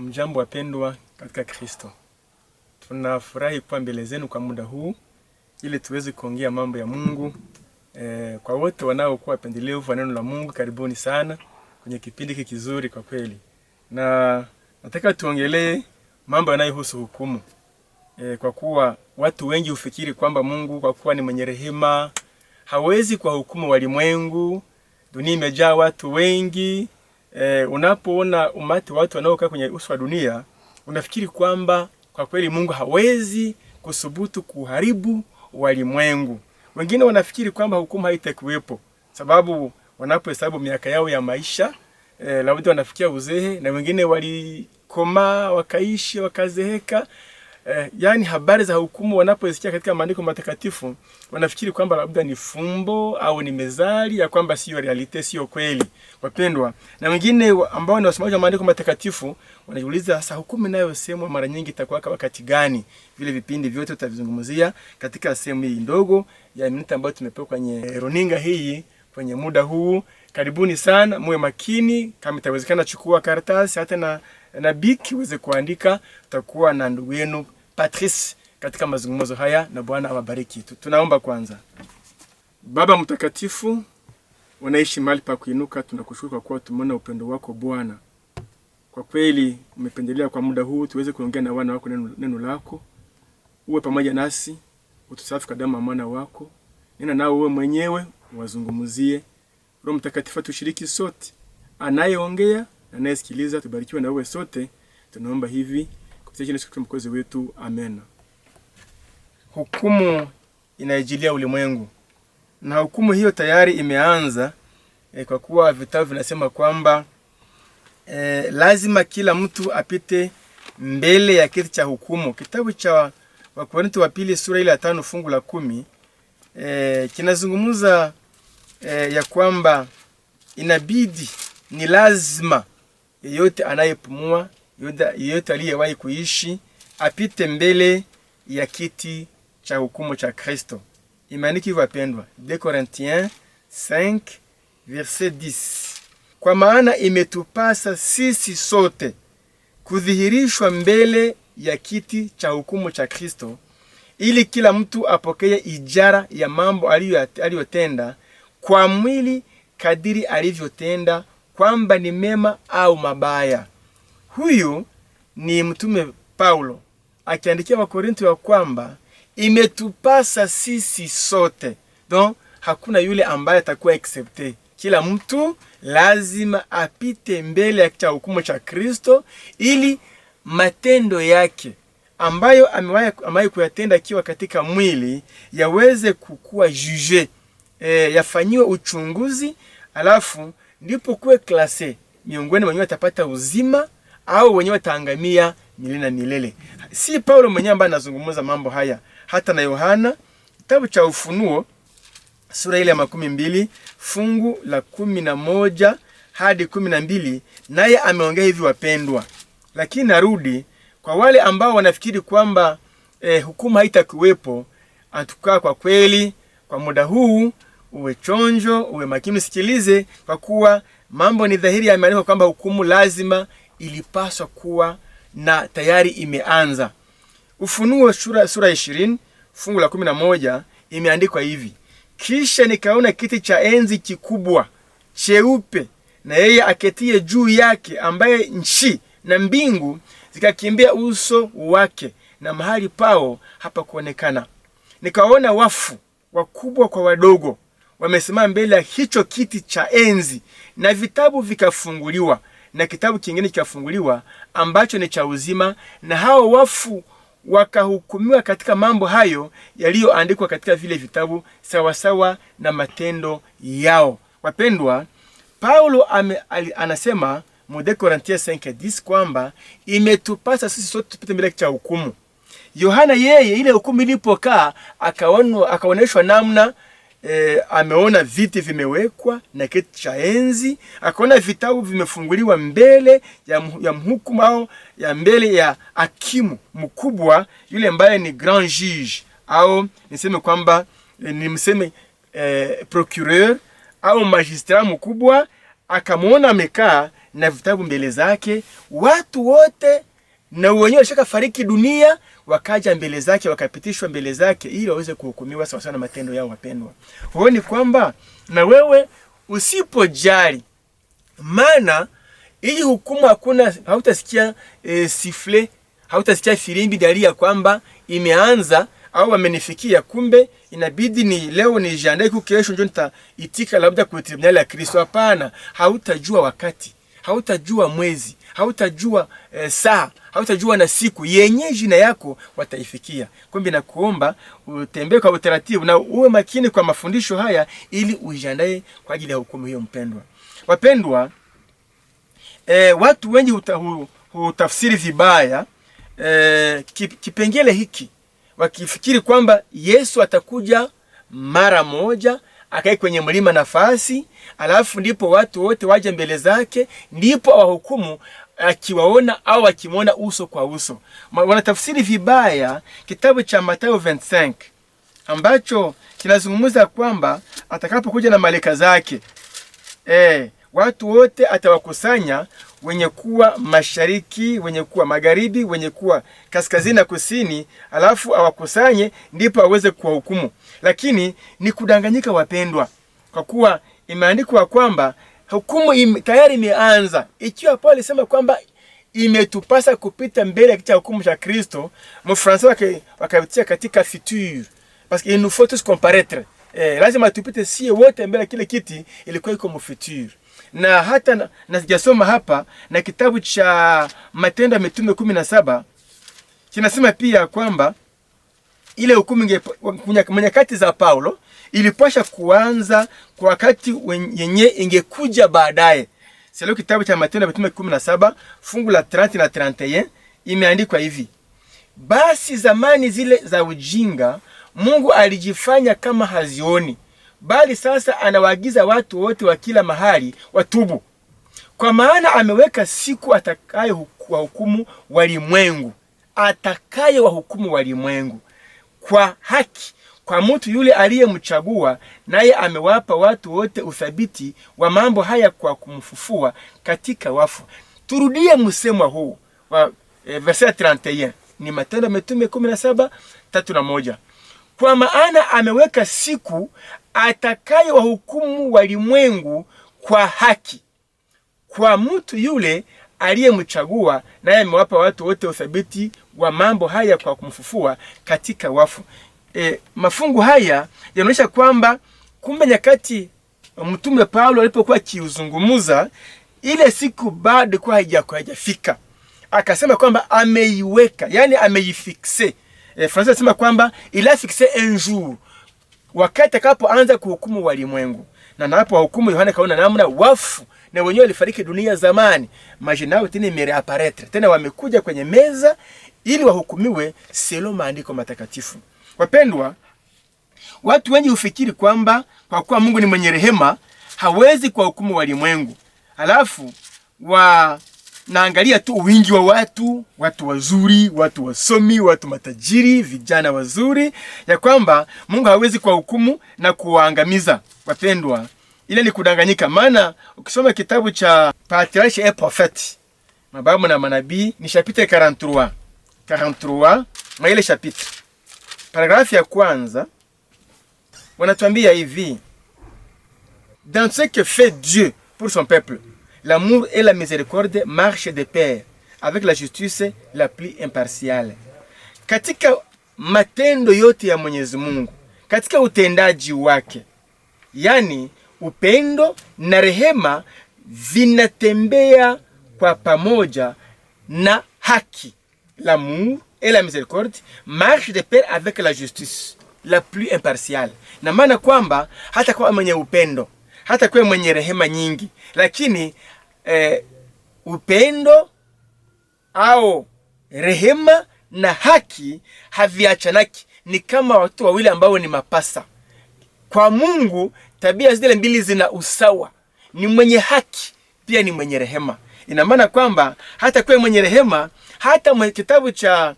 Hamjambo wapendwa katika Kristo, tunafurahi kuwa mbele zenu kwa muda huu ili tuweze kuongea mambo ya Mungu e, kwa wote wanaokuwa wapendelevu wa neno la Mungu, karibuni sana kwenye kipindi hiki kizuri kwa kweli, na nataka tuongelee mambo yanayohusu hukumu e, kwa kuwa watu wengi hufikiri kwamba Mungu kwa kuwa ni mwenye rehema hawezi kuwahukumu walimwengu. Dunia imejaa watu wengi e, unapoona umati watu wanaokaa kwenye uso wa dunia unafikiri kwamba kwa kweli Mungu hawezi kusubutu kuharibu walimwengu. Wengine wanafikiri kwamba hukumu haitakuwepo sababu wanapohesabu miaka yao ya maisha e, labda wanafikia uzee, na wengine walikomaa wakaishi wakazeheka eh, yani habari za hukumu wanapoisikia katika maandiko matakatifu wanafikiri kwamba labda ni fumbo au ni mezali ya kwamba sio realite, sio kweli, wapendwa. Na wengine ambao ni wasomaji wa maandiko matakatifu wanajiuliza sasa, hukumu inayosemwa mara nyingi itakuwa wakati gani? Vile vipindi vyote tutavizungumzia katika sehemu hii ndogo ya minuta ambayo tumepewa kwenye runinga hii kwenye muda huu. Karibuni sana, muwe makini. Kama itawezekana, chukua karatasi hata na na biki uweze kuandika. Tutakuwa na ndugu yenu Patrice katika mazungumzo haya, na Bwana awabariki. Tunaomba kwanza. Baba Mtakatifu, unaishi mahali pa kuinuka, tunakushukuru kwa kuwa tumeona upendo wako Bwana. Kwa kweli umependelea kwa muda huu tuweze kuongea na wana wako neno, neno lako. Uwe pamoja nasi, utusafi kwa damu ya mwana wako. Nena nao wewe mwenyewe, uwazungumzie. Roho Mtakatifu, tushiriki sote, anayeongea na anayesikiliza. Tubarikiwe na wewe sote, tunaomba hivi kupitia Yesu Kristo mkozi wetu, amen. Hukumu inaijilia ulimwengu na hukumu hiyo tayari imeanza eh, kwa kuwa vitabu vinasema kwamba eh, lazima kila mtu apite mbele ya kiti cha hukumu. Kitabu cha Wakorintho wa pili sura ile ya tano fungu la kumi eh, kinazungumza eh, ya kwamba inabidi ni lazima yeyote anayepumua, yeyote aliyewahi kuishi apite mbele ya kiti cha hukumu cha Kristo. Imeandikwa hivyo wapendwa, 2 Corinthiens 5 verset 10, kwa maana imetupasa sisi sote kudhihirishwa mbele ya kiti cha hukumu cha Kristo, ili kila mtu apokee ijara ya mambo aliyotenda kwa mwili kadiri alivyotenda kwamba ni mema au mabaya. Huyu ni Mtume Paulo akiandikia Wakorintho ya kwamba imetupasa sisi sote, don, hakuna yule ambaye atakuwa excepte kila mtu lazima apite mbele ya hukumu cha Kristo ili matendo yake ambayo amewahi kuyatenda akiwa katika mwili yaweze kukuwa juje, e, eh, yafanyiwe uchunguzi, alafu ndipo kuwe klase miongoni wenyewe watapata uzima au wenyewe wataangamia milele na milele. Si Paulo mwenyewe ambaye anazungumza mambo haya, hata na Yohana kitabu cha Ufunuo sura ile ya makumi mbili fungu la kumi na moja hadi kumi na mbili naye ameongea hivi, wapendwa. Lakini narudi kwa wale ambao wanafikiri kwamba eh, hukumu haitakuwepo. Atukaa kwa kweli kwa muda huu uwe chonjo, uwe makini, usikilize, kwa kuwa mambo ni dhahiri yameandikwa, kwamba hukumu lazima ilipaswa kuwa na tayari imeanza. Ufunuo sura, sura ishirini fungu la 11 imeandikwa hivi: kisha nikaona kiti cha enzi kikubwa cheupe na yeye aketie juu yake, ambaye nchi na mbingu zikakimbia uso wake, na mahali pao hapakuonekana. Nikaona wafu wakubwa kwa wadogo wamesimama mbele ya hicho kiti cha enzi, na vitabu vikafunguliwa, na kitabu kingine kikafunguliwa ambacho ni cha uzima, na hao wafu wakahukumiwa katika mambo hayo yaliyoandikwa katika vile vitabu sawasawa na matendo yao. Wapendwa, Paulo ame, al, anasema mu 2 5:10 kwamba imetupasa sisi sote tupite mbele cha hukumu. Yohana yeye ile hukumu ilipokaa akaonwa akaoneshwa namna E, ameona viti vimewekwa na kiti cha enzi, akaona vitabu vimefunguliwa mbele ya, ya mhukumu au ya mbele ya hakimu mkubwa yule ambaye ni grand juge au niseme kwamba eh, mseme e, eh, procureur au magistrat mkubwa. Akamwona amekaa na vitabu mbele zake, watu wote na wenyewe shaka fariki dunia, wakaja mbele zake, wakapitishwa mbele zake ili waweze kuhukumiwa sawa sawa na matendo yao. Wapendwa, ni kwamba na wewe usipojali, maana hii hukumu hakuna, hautasikia e, sifle, hautasikia filimbi, dalili ya kwamba imeanza au amenifikia. Kumbe inabidi ni leo nijiandae, kesho ndio nitaitika labda kwa tribunali ya Kristo. Hapana, hautajua wakati hautajua mwezi, hautajua e, saa, hautajua na siku yenye jina yako wataifikia. Kumbe nakuomba utembee kwa utaratibu na uwe makini kwa mafundisho haya, ili ujiandae kwa ajili ya hukumu hiyo. Mpendwa, wapendwa, e, watu wengi hutafsiri vibaya e, kipengele hiki wakifikiri kwamba Yesu atakuja mara moja akae kwenye mlima nafasi, alafu ndipo watu wote waje mbele zake, ndipo awahukumu akiwaona au akimwona uso kwa uso. Wanatafsiri vibaya kitabu cha Mathayo 25 ambacho kinazungumza kwamba atakapokuja na malaika zake, eh, watu wote atawakusanya wenye kuwa mashariki, wenye kuwa magharibi, wenye kuwa kaskazini na kusini, alafu awakusanye ndipo aweze kuwahukumu. Lakini ni kudanganyika, wapendwa, kwa kuwa imeandikwa kwamba hukumu im, tayari imeanza. Ikiwa Paulo alisema kwamba imetupasa kupita mbele ya kiti cha hukumu cha Kristo, Mfransa wake wakatia katika futur parce qu'il nous faut tous comparaître. Eh, lazima tupite sie wote mbele kile kiti ilikuwa iko mu na hata na, sijasoma hapa na kitabu cha Matendo ya Mitume kumi na saba kinasema pia kwamba ile hukumu nyakati za Paulo ilipasha kuanza kwa wakati yenye ingekuja baadaye. Sio kitabu cha Matendo ya Mitume 17 fungu la 30 na 31 imeandikwa hivi: basi zamani zile za ujinga Mungu alijifanya kama hazioni bali sasa anawaagiza watu wote wa kila mahali watubu, kwa maana ameweka siku wahukumu walimwengu, wahukumu walimwengu kwa haki kwa mtu yule aliyemchagua, naye amewapa watu wote uthabiti wa mambo haya kwa kumfufua katika wafu. Turudie msemo huu wa e, verset 31 ni Matendo ya Mitume 17:31 Kwa maana ameweka siku atakayewahukumu walimwengu kwa haki kwa mtu yule aliyemchagua, naye amewapa watu wote uthabiti wa mambo haya kwa kumfufua katika wafu. E, mafungu haya yanaonyesha kwamba kumbe nyakati mtume Paulo alipokuwa akiuzungumza ile siku bado kwa haijafika, akasema kwamba ameiweka, yani ameifixe. E, Fransa anasema kwamba ila fikse un jour wakati akapoanza kuhukumu walimwengu. Na napo wahukumu, Yohana kaona namna wafu na wenyewe walifariki dunia zamani, majinao tena imereaparetre tena, wamekuja kwenye meza ili wahukumiwe selo maandiko matakatifu. Wapendwa, watu wengi hufikiri kwamba kwa kuwa Mungu ni mwenye rehema hawezi kuwahukumu walimwengu, alafu wa naangalia tu wingi wa watu, watu wazuri, watu wasomi, watu matajiri, vijana wazuri, ya kwamba Mungu hawezi kuwahukumu na kuwaangamiza. Wapendwa, ile ni kudanganyika, maana ukisoma kitabu cha Patriarch et Prophète, mababu na manabii, ni chapitre 43 43 maile chapitre paragrafu ya kwanza wanatuambia hivi dans ce que fait Dieu pour son peuple L'amour et la miséricorde marchent de pair avec la justice la plus impartiale. Katika matendo yote ya Mwenyezi Mungu, katika utendaji wake, yani upendo na rehema vinatembea kwa pamoja na haki. L'amour et la miséricorde marchent de pair avec la justice la plus impartiale, na maana kwamba hata kwa mwenye upendo hata kuwe mwenye rehema nyingi, lakini eh, upendo au rehema na haki haviachanaki, ni kama watu wawili ambao ni mapasa kwa Mungu. Tabia zile mbili zina usawa, ni mwenye haki pia ni mwenye rehema. Ina maana kwamba hata kuwe mwenye rehema, hata mwenye kitabu cha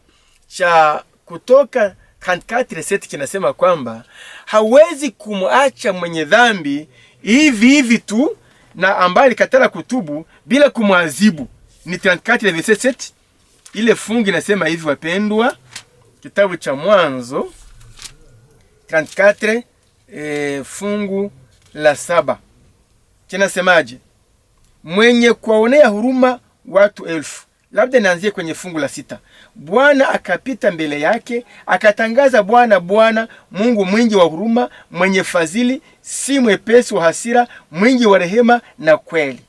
cha Kutoka katikati reseti kinasema kwamba hawezi kumwacha mwenye dhambi hivi hivi tu, na ambaye alikataa kutubu bila kumwadhibu ni 34:7. Ile fungu inasema hivi, wapendwa, kitabu cha Mwanzo 34 eh, fungu la saba kinasemaje? Mwenye kuwaonea huruma watu elfu. Labda nianzie kwenye fungu la sita. Bwana akapita mbele yake akatangaza, Bwana Bwana Mungu mwingi wa huruma, mwenye fadhili, si mwepesi wa hasira, mwingi wa rehema na kweli.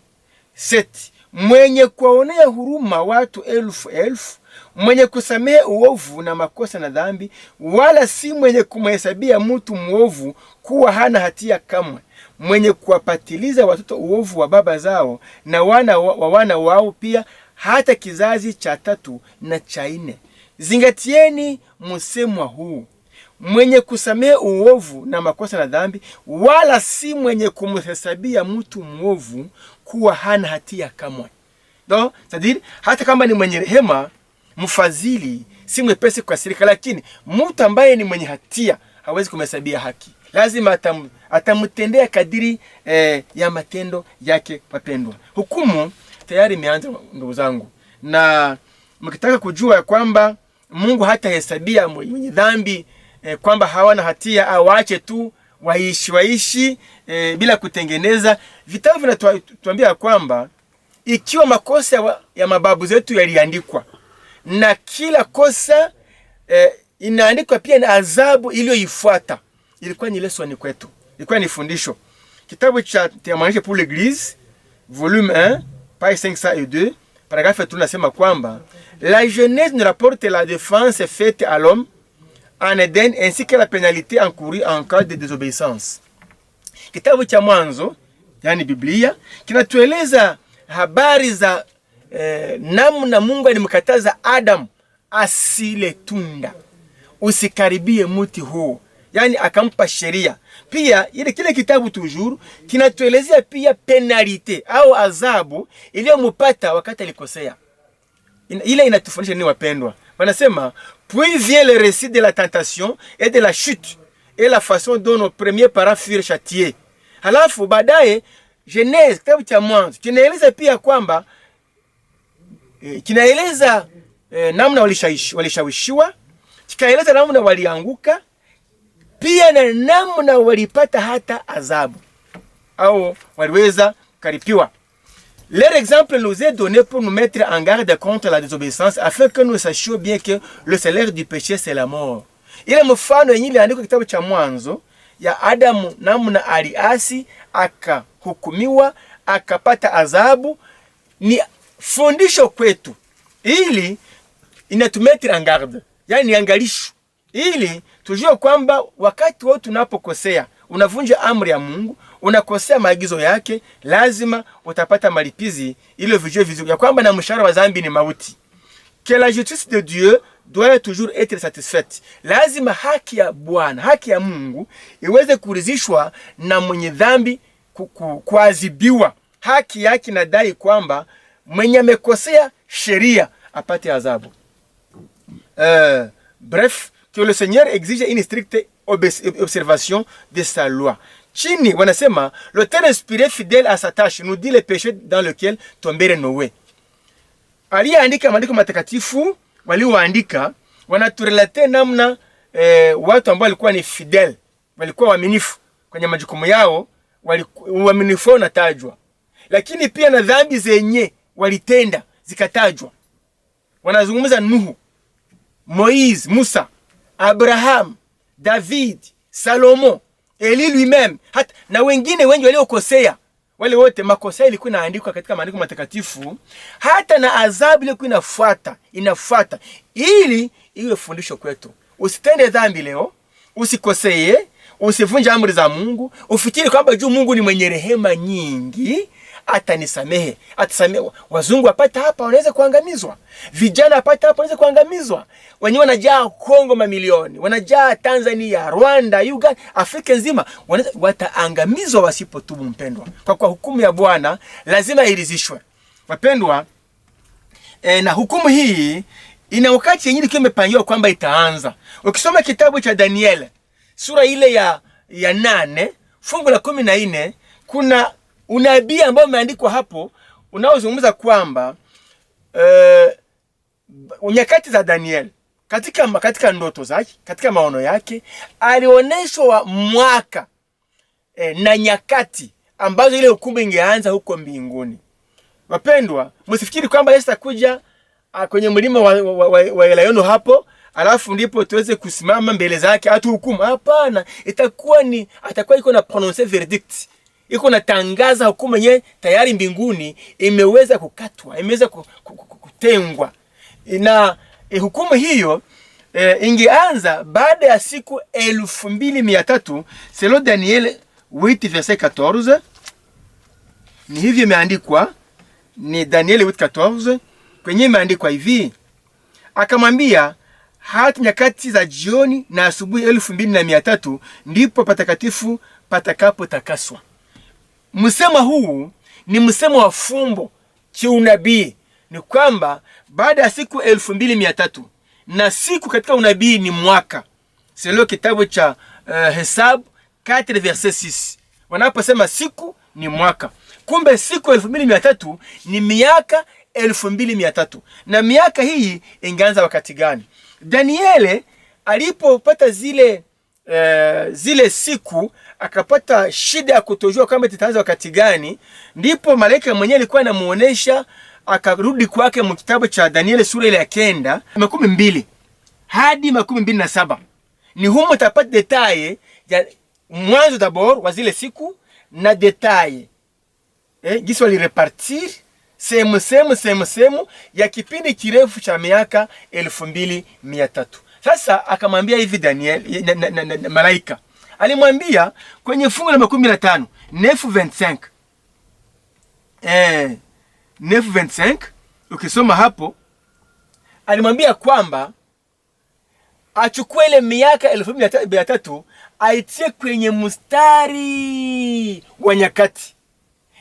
Seti, mwenye kuwaonea huruma watu elfu elfu, mwenye kusamehe uovu na makosa na dhambi, wala si mwenye kumhesabia mtu mwovu kuwa hana hatia kamwe, mwenye kuwapatiliza watoto uovu wa baba zao na wana wa wana wao pia hata kizazi cha tatu na cha nne. Zingatieni msemwa huu, mwenye kusamehe uovu na makosa na dhambi, wala si mwenye kumhesabia mtu mwovu kuwa hana hatia kamwe. Ndo sadiri, hata kama ni mwenye rehema, mfadhili, si mwepesi kukasirika, lakini mtu ambaye ni mwenye hatia hawezi kumhesabia haki, lazima atam, atamtendea kadiri eh, ya matendo yake. Wapendwa, hukumu tayari imeanza ndugu zangu, na mkitaka kujua kwamba Mungu hatahesabia mwenye dhambi eh, kwamba hawana hatia awache tu waishi waishi eh, bila kutengeneza. Vitabu vinatuambia kwamba ikiwa makosa ya, mababu zetu yaliandikwa na kila kosa eh, inaandikwa pia na adhabu iliyoifuata, ilikuwa ni lesoni kwetu, ilikuwa ni fundisho. Kitabu cha Témoignage pour l'Église volume 1 page 502 paragrafu ya nasema kwamba la jeunesse ne rapporte la défense faite à l'homme en Eden ainsi que la pénalité encourue en cas de désobéissance. Kitabu cha Mwanzo yani Biblia kinatueleza habari za eh, namna Mungu alimkataza Adam asile tunda, usikaribie muti huu, yani akampa sheria pia ile kile kitabu toujours kinatuelezea pia penalite au adhabu wakati alikosea. Ile inatufundisha nini wapendwa? Wanasema puis vient le récit de la tentation et de la chute et la façon dont nos premiers parents furent châtiés. Halafu baadaye Genese kitabu cha Mwanzo les pia kwamba eh, kinaeleza eh, namna walishawishiwa, kikaeleza namna walianguka pia na namna walipata hata adhabu au waliweza karipiwa. Leur exemple nous est donné pour nous mettre en garde contre la désobéissance afin que nous sachions bien que le salaire du péché c'est la mort. Ile mfano yenyewe iliandikwa kitabu cha Mwanzo ya Adamu, namna aliasi akahukumiwa akapata adhabu, ni fundisho kwetu, ili inatumettre en garde, yani angalisho ili tujue kwamba wakati wote unapokosea unavunja amri ya Mungu, unakosea maagizo yake, lazima utapata malipizi. Ile vijue vizuri ya kwamba na mshahara wa dhambi ni mauti. Que la justice de Dieu doit toujours être satisfaite. Lazima haki ya Bwana, haki ya Mungu iweze kuridhishwa na mwenye dhambi kuadhibiwa. Haki yake inadai kwamba mwenye amekosea sheria apate adhabu. Uh, bref que le Seigneur exige une stricte observation de sa loi. Chini wanasema l'auteur inspiré fidèle à sa tâche nous dit les péchés dans lequel tombere Noé. Aliyeandika maandiko matakatifu walioandika wanaturelate namna eh, watu ambao walikuwa ni fidèle, walikuwa waaminifu kwenye majukumu yao, uaminifu wao unatajwa, lakini pia na dhambi zenye walitenda zikatajwa. Wanazungumza Nuhu, Moiz, Musa Abrahamu, David, Salomo, Eli lui-même, hata na wengine wengi waliokosea wale wote makosa ilikuwa inaandikwa katika maandiko matakatifu, hata na adhabu ilikuwa inafuata inafuata, ili iwe fundisho kwetu. Usitende dhambi leo, usikosee, usivunje amri za Mungu, ufikiri kwamba juu Mungu ni mwenye rehema nyingi atanisamehe, atasamehe. Wazungu wapata hapa wanaweza kuangamizwa, vijana wapata hapa wanaweza kuangamizwa, wenyewe wanajaa Kongo mamilioni, wanajaa Tanzania, Rwanda, Uganda, Afrika nzima wataangamizwa wasipotubu, mpendwa. Kwa kuwa hukumu ya Bwana lazima irizishwe, wapendwa. E, na hukumu hii ina wakati yenyewe ikiwa imepangiwa kwamba itaanza. Ukisoma kitabu cha Daniel sura ile ya ya nane fungu la kumi na nne kuna unabii ambao umeandikwa hapo unaozungumza kwamba uh, nyakati za Daniel katika, katika ndoto zake katika maono yake alioneshwa mwaka eh, na nyakati ambazo ile hukumu ingeanza huko mbinguni. Wapendwa, msifikiri kwamba Yesu atakuja ah, kwenye mlima wa, wa, wa, wa Elayono hapo alafu ndipo tuweze kusimama mbele zake atuhukumu. Hapana, itakuwa ni atakuwa iko na prononcer verdict iko natangaza hukumu yenyewe tayari mbinguni imeweza kukatwa, imeweza kutengwa na eh, hukumu hiyo eh, ingeanza baada ya siku elfu mbili mia tatu selo Daniel 8 verset 14. Ni hivyo imeandikwa, ni Daniel 8 14 kwenye imeandikwa hivi, akamwambia hata nyakati za jioni na asubuhi elfu mbili na mia tatu ndipo patakatifu patakapotakaswa. Msemo huu ni msemo wa fumbo kiunabii, ni kwamba baada ya siku elfu mbili mia tatu na siku katika unabii ni mwaka. Seleo kitabu cha uh, eh, Hesabu 4 verset 6 wanaposema siku ni mwaka, kumbe siku elfu mbili mia tatu ni miaka elfu mbili mia tatu na miaka hii ingeanza wakati gani? Daniele alipopata zile eh, zile siku akapata shida ya kutojua kama itaanza wakati gani, ndipo malaika mwenyewe alikuwa anamuonesha, akarudi kwake mu kitabu cha Danieli sura ile ya kenda makumi mbili hadi makumi mbili na saba ni humo tapata detaye ya mwanzo dabor wa zile siku na detaye eh, gisi walirepartir sehemu sehemu sehemu sehemu ya kipindi kirefu cha miaka elfu mbili mia tatu. Sasa akamwambia hivi Daniel na, na, na, na, na, malaika alimwambia kwenye fungu la makumi na tano nefu 25 eh, nefu 25 ukisoma hapo alimwambia kwamba achukue ile miaka elfu mbili mia tatu aitie kwenye mstari wa nyakati,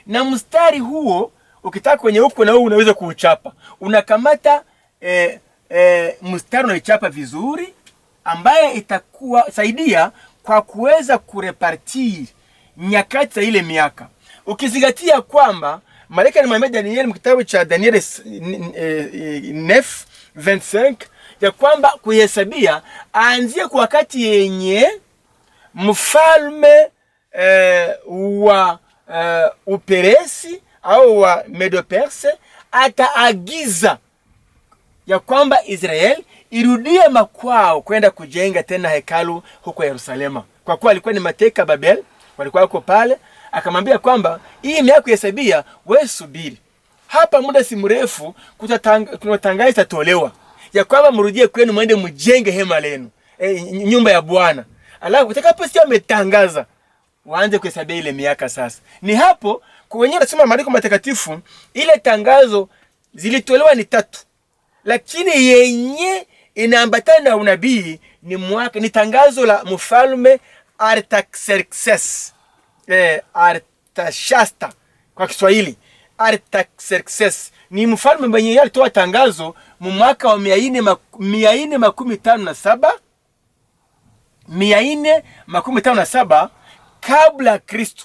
na mstari huo ukitaka kwenye huko na huku unaweza kuuchapa unakamata eh, eh, mstari unaichapa vizuri, ambaye itakuwa saidia kwa kuweza kurepartir nyakati za ile miaka, ukizingatia kwamba malaika alimwambia Danieli mkitabu cha Danieli 9:25 eh, eh, ya kwamba kuhesabia aanzie kwa wakati yenye mfalme eh, wa eh, Uperesi au wa Medo Perse ataagiza ya kwamba Israel irudie makwao kwenda kujenga tena hekalu huko Yerusalemu, kwa kuwa alikuwa ni mateka Babel, walikuwa wako pale. Akamwambia kwamba hii miaka kuhesabia, wewe subiri hapa, muda si mrefu kutatanga itatolewa ya kwamba mrudie kwenu, mwende mjenge hema lenu, e, nyumba ya Bwana. Alafu utakapo sio ametangaza, waanze kuhesabia ile miaka sasa. Ni hapo kwenye nasema maandiko matakatifu, ile tangazo zilitolewa ni tatu lakini yenye inaambatana na unabii ni mwaka ni tangazo la mfalme Artaxerxes eh, Artashasta kwa Kiswahili. Artaxerxes ni mfalme mwenye alitoa tangazo mu mwaka wa mia nne makumi tano na saba mia nne makumi tano na saba kabla ya Kristo.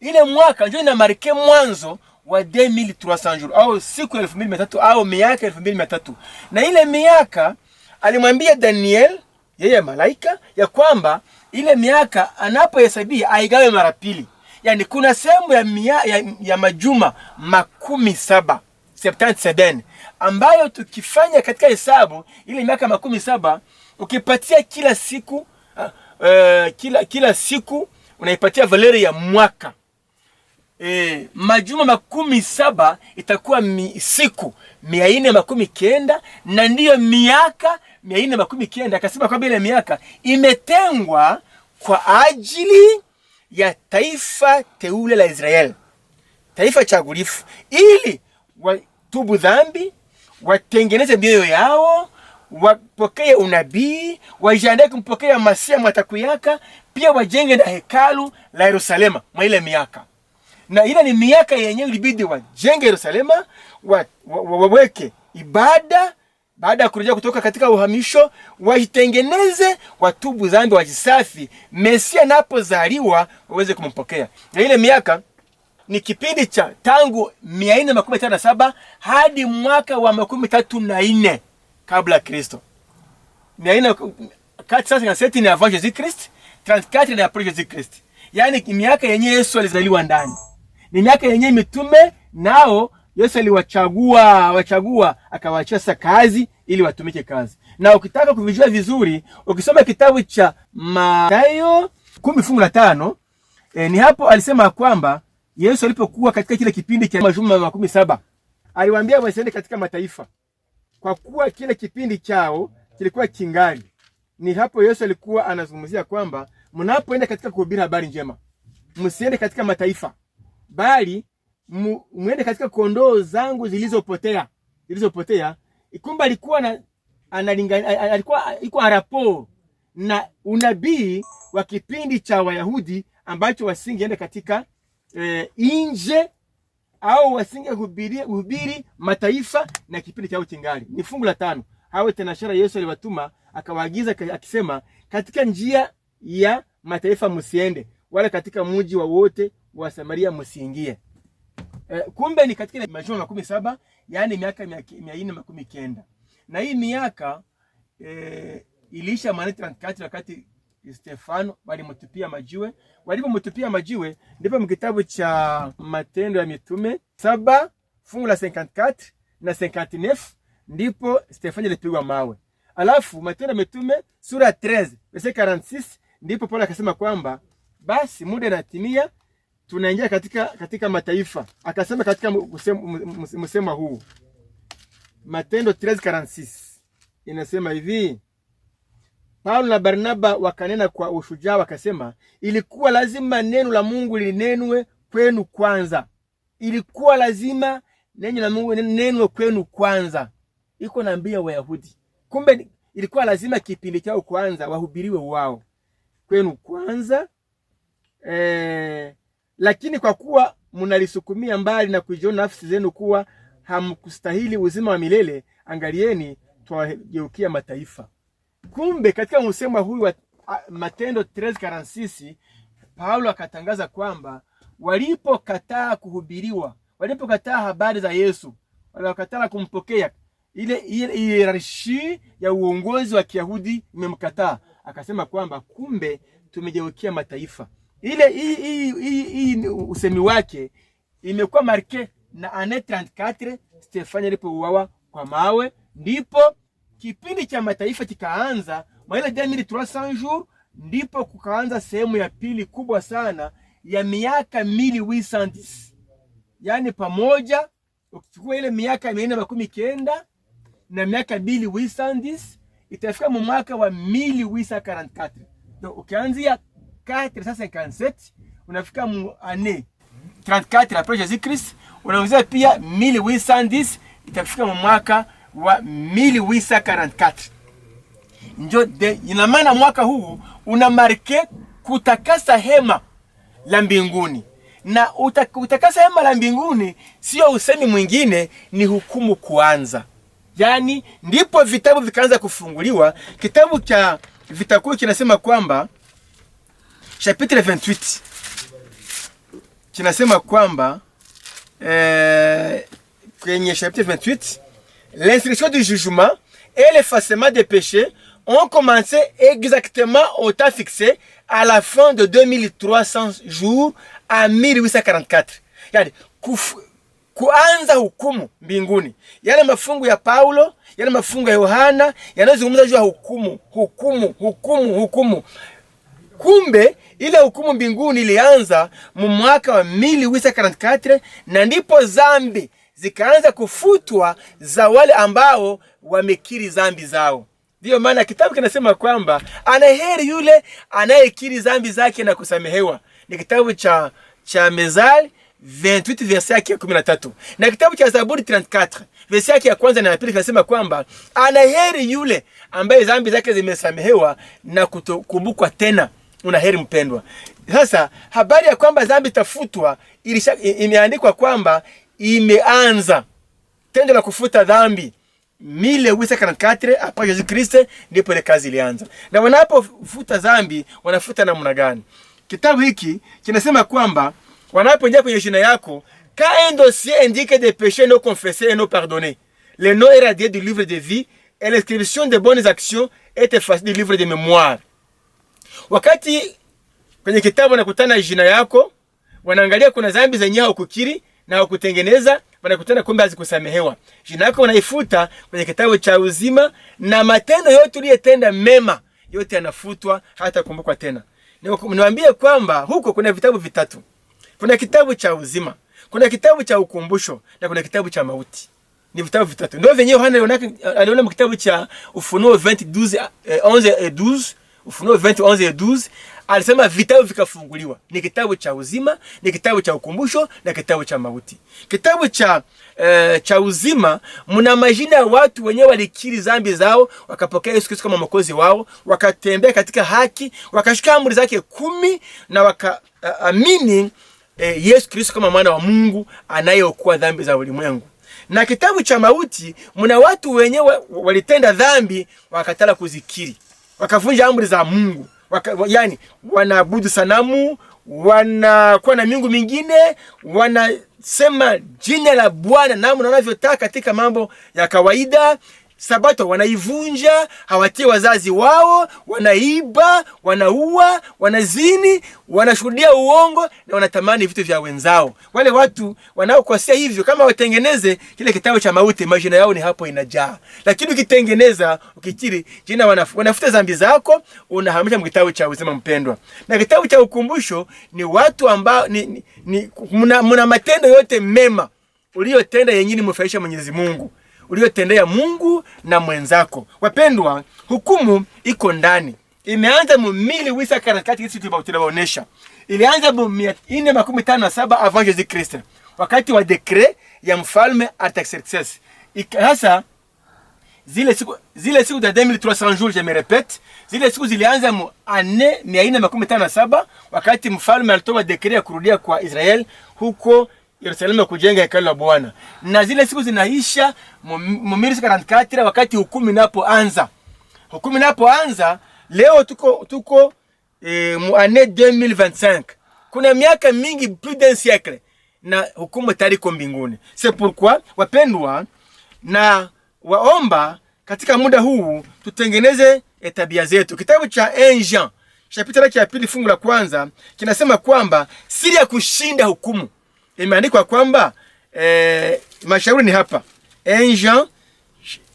Ile mwaka ndio inamarike mwanzo wa 2300 jours au siku 2300 au miaka 2300. Na ile miaka alimwambia Daniel, yeye malaika, ya kwamba ile miaka anapohesabia aigawe mara pili, yani kuna sehemu ya, ya, ya majuma makumi saba ambayo tukifanya katika hesabu ile miaka makumi saba ukipatia kila siku uh, uh, kila, kila siku unaipatia valeri ya mwaka e, majuma makumi saba itakuwa mi, siku mia nne makumi kenda na ndiyo miaka mia nne makumi kenda Akasema kwamba ile miaka imetengwa kwa ajili ya taifa teule la Israeli, taifa chagulifu, ili watubu dhambi, watengeneze mioyo yao wapokee unabii, wajiandae kumpokea Masia mwatakuyaka, pia wajenge na hekalu la Yerusalema mwa ile miaka na ile ni miaka yenyewe ilibidi wajenge Yerusalema, waweke ibada baada ya kurejea kutoka katika uhamisho, wajitengeneze, watubu zambi, wajisafi, Mesia napozaliwa waweze kumpokea. Na ile miaka ni kipindi cha tangu mia nne makumi tatu na saba hadi mwaka wa makumi tatu na nne kabla ya Kristo. mia nne kati sasa na seti ni avant Jesus Christ, 34 ni après Jesus Christ, yaani miaka yenye Yesu alizaliwa ndani ni miaka yenyewe mitume nao Yesu aliwachagua wachagua, akawaachia sasa kazi ili watumike kazi. Na ukitaka kuvijua vizuri, ukisoma kitabu cha Mathayo kumi fungu la tano e, ni hapo alisema kwamba Yesu alipokuwa katika kile kipindi cha majuma makumi saba aliwaambia wasiende katika mataifa, kwa kuwa kile kipindi chao kilikuwa kingali. Ni hapo Yesu alikuwa anazungumzia kwamba mnapoenda katika kuhubiri habari njema, msiende katika mataifa bali mwende katika kondoo zangu zilizopotea zilizopotea. Kumbe alikuwa na analingana, alikuwa iko arapo na unabii wa kipindi cha Wayahudi ambacho wasingeenda katika e, nje au wasingehubiri mataifa na kipindi chao chingali. Ni fungu la tano. Hawa tenashara Yesu aliwatuma akawaagiza akisema, katika njia ya mataifa msiende, wala katika mji wa wote wa Samaria msiingie. E, eh, kumbe ni katika ile majuma makumi saba yaani miaka mia nne makumi kenda na hii miaka e, iliisha maana kati wakati Stefano walimtupia majiwe. Walipomtupia majiwe ndipo mkitabu cha Matendo ya Mitume saba fungu la 54 na 59 ndipo Stefano alipigwa mawe. Alafu Matendo ya Mitume sura 13 verse 46 ndipo Paulo akasema kwamba basi muda natimia tunaingia katika, katika mataifa. Akasema katika msema huu Matendo 13:46 inasema hivi, Paulo na Barnaba wakanena kwa ushujaa wakasema, ilikuwa lazima neno la Mungu linenwe kwenu kwanza. Ilikuwa lazima neno la Mungu linenwe kwenu kwanza. Iko naambia Wayahudi, kumbe ilikuwa lazima kipindi chao kwanza wahubiriwe wao kwenu kwanza eh, lakini kwa kuwa mnalisukumia mbali na kuijiona nafsi zenu kuwa hamkustahili uzima wa milele, angalieni, twageukia mataifa. Kumbe katika msemo huyu wa Matendo 13:46 Paulo akatangaza kwamba walipokataa kuhubiriwa, walipokataa habari za Yesu, waliokataa kumpokea, ile ile hierarshi ya uongozi wa Kiyahudi imemkataa, akasema kwamba kumbe tumegeukia mataifa ile hii usemi wake imekuwa marke na ane 34 Stefani alipouawa kwa mawe, ndipo kipindi cha mataifa kikaanza mwaile 2300 jours, ndipo kukaanza sehemu ya pili kubwa sana ya miaka 1810 yani pamoja ukichukua ile miaka mia nne makumi kenda na miaka mili wisa itafika mu mwaka wa mili wisa 44 ukianzia 457 unafika mu ane 34 après Jésus-Christ. Unaongeza pia 1810 itakufika mu mwaka wa 1844. Njo de ina maana mwaka huu una marke kutakasa hema la mbinguni na utakasa hema la mbinguni sio usemi mwingine, ni hukumu kuanza. Yaani ndipo vitabu vikaanza kufunguliwa. Kitabu cha vitakuu kinasema kwamba chapitre 28 kinasema kwamba eh, kwenye chapitre 28 l'instruction du jugement et l'effacement des péchés ont commencé exactement au temps fixé à la fin de 2300 jours à 1844. Regarde, « kufu, kuanza hukumu mbinguni, yale mafungu ya Paulo, yale mafungu ya Yohana yanazungumza juu ya hukumu, hukumu, hukumu, hukumu Kumbe ile hukumu mbinguni ilianza mu mwaka wa 1844 na ndipo zambi zikaanza kufutwa za wale ambao wamekiri zambi zao. Ndiyo maana kitabu kinasema kwamba anaheri yule anayekiri zambi zake na kusamehewa. Ni kitabu cha cha Mezali 28 verse yake ya 13 na kitabu cha Zaburi 34 verse yake ya kwanza na ya pili kinasema kwamba anaheri yule ambaye zambi zake zimesamehewa na kukumbukwa tena una heri mpendwa. Sasa habari ya kwamba dhambi itafutwa imeandikwa kwamba imeanza tendo la kufuta dhambi mile wisa kana katre hapa Yesu Kristo, ndipo ile kazi ilianza. Na wanapofuta dhambi wanafuta namna gani? Kitabu hiki kinasema kwamba wanapoingia kwenye shina yako ka un dossier indique des péchés non confessés et non pardonnés, le nom est radié du livre de vie et l'inscription de bonnes actions est effacée du livre de mémoire. Wakati kwenye kitabu nakutana jina yako, wanaangalia kuna dhambi zenye hukukiri na hukutengeneza, wanakutana kumbe hazikusamehewa. Jina yako wanaifuta kwenye kitabu cha uzima, na matendo yote uliyetenda mema yote yanafutwa, hata kumbukwa tena. Niwaambie kwamba huko kuna vitabu vitatu, kuna kitabu cha uzima, kuna kitabu cha ukumbusho na kuna kitabu cha mauti. Ni vitabu vitatu, ndio vyenyewe Yohana aliona kitabu cha Ufunuo 20 12 11 12 Ufunuo 21 12 alisema vitabu vikafunguliwa. Ni kitabu cha uzima, ni kitabu cha ukumbusho na kitabu cha mauti. Kitabu cha e, cha uzima mna majina ya watu wenyewe walikiri zambi zao, wakapokea Yesu Kristo kama mwokozi wao, wakatembea katika haki, wakashika amri zake kumi na wakaamini e, eh, Yesu Kristo kama mwana wa Mungu anayeokoa dhambi za ulimwengu na kitabu cha mauti mna watu wenyewe walitenda dhambi wakatala kuzikiri wakavunja amri za Mungu waka, yani wanaabudu sanamu, wanakuwa na miungu mingine, wanasema jina la Bwana namna wanavyotaka katika mambo ya kawaida Sabato wanaivunja, hawatii wazazi wao, wanaiba, wanaua, wanazini, wanashuhudia uongo na wanatamani vitu vya wenzao. Wale watu wanaokosea hivyo, kama watengeneze kile kitabu cha mauti, majina yao ni hapo inajaa. Lakini ukitengeneza ukikiri jina, wanafuta dhambi zako, unahamisha kitabu cha uzima. Mpendwa, na kitabu cha ukumbusho ni watu ambao ni, ni, ni muna, muna matendo yote mema uliyotenda yenyini mfaisha Mwenyezi Mungu uliyotendea Mungu na mwenzako. Wapendwa, hukumu iko ndani, imeanza mu wisa karakati hizi tulibaonesha, ilianza mu mia makumi tano na saba avant Jesus Christ, wakati wa dekre ya mfalme Artaxerxes. Sasa zile siku zile siku za 2300 jours je me repete, zile siku zilianza mu ane mia makumi tano na saba wakati mfalme alitoa dekre ya kurudia kwa Israel huko Yerusalemu kujenga hekalu la Bwana. Na zile siku zinaisha mumiri karantikatira, wakati hukumu inapoanza. Hukumu inapoanza leo tuko tuko eh, muane 2025 kuna miaka mingi plus d'un siècle na hukumu tayari iko mbinguni. C'est pourquoi wapendwa, na waomba katika muda huu tutengeneze eh, tabia zetu. Kitabu cha 1 Jean chapitre ya pili fungu la kwanza kinasema kwamba siri ya kushinda hukumu imeandikwa kwamba e, mashauri ni hapa Enja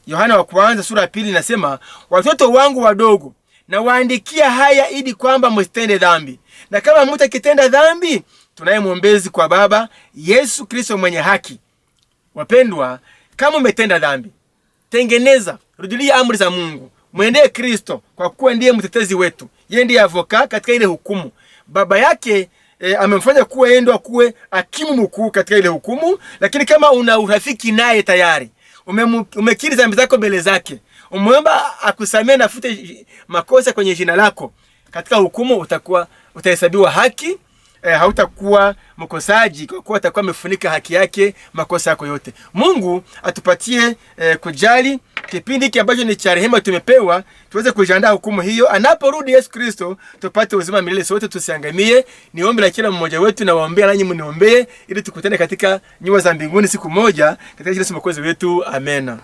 Yohana wa kwanza sura ya pili inasema, watoto wangu wadogo nawaandikia haya ili kwamba msitende dhambi, na kama mtu akitenda dhambi tunaye mwombezi kwa Baba, Yesu Kristo mwenye haki. Wapendwa, kama umetenda dhambi, tengeneza, rudilia amri za Mungu, mwendee Kristo, kwa kuwa ndiye mtetezi wetu, yeye ndiye avoka katika ile hukumu. Baba yake e, amemfanya kuwa yeye ndo akuwe hakimu mkuu katika ile hukumu. Lakini kama una urafiki naye tayari, umekiri dhambi zako mbele zake, umeomba akusamee nafute makosa kwenye jina lako, katika hukumu utakuwa utahesabiwa haki eh, hautakuwa mkosaji kwa kuwa atakuwa amefunika haki yake makosa yako yote. Mungu atupatie eh, kujali kipindi hiki ambacho ni cha rehema tumepewa, tuweze kujiandaa hukumu hiyo. Anaporudi Yesu Kristo, tupate uzima milele sote, tusiangamie. Ni ombi la kila mmoja wetu, na waombea nanyi mniombee, ili tukutane katika nyua za mbinguni siku moja katika jina la Mwokozi wetu, amena.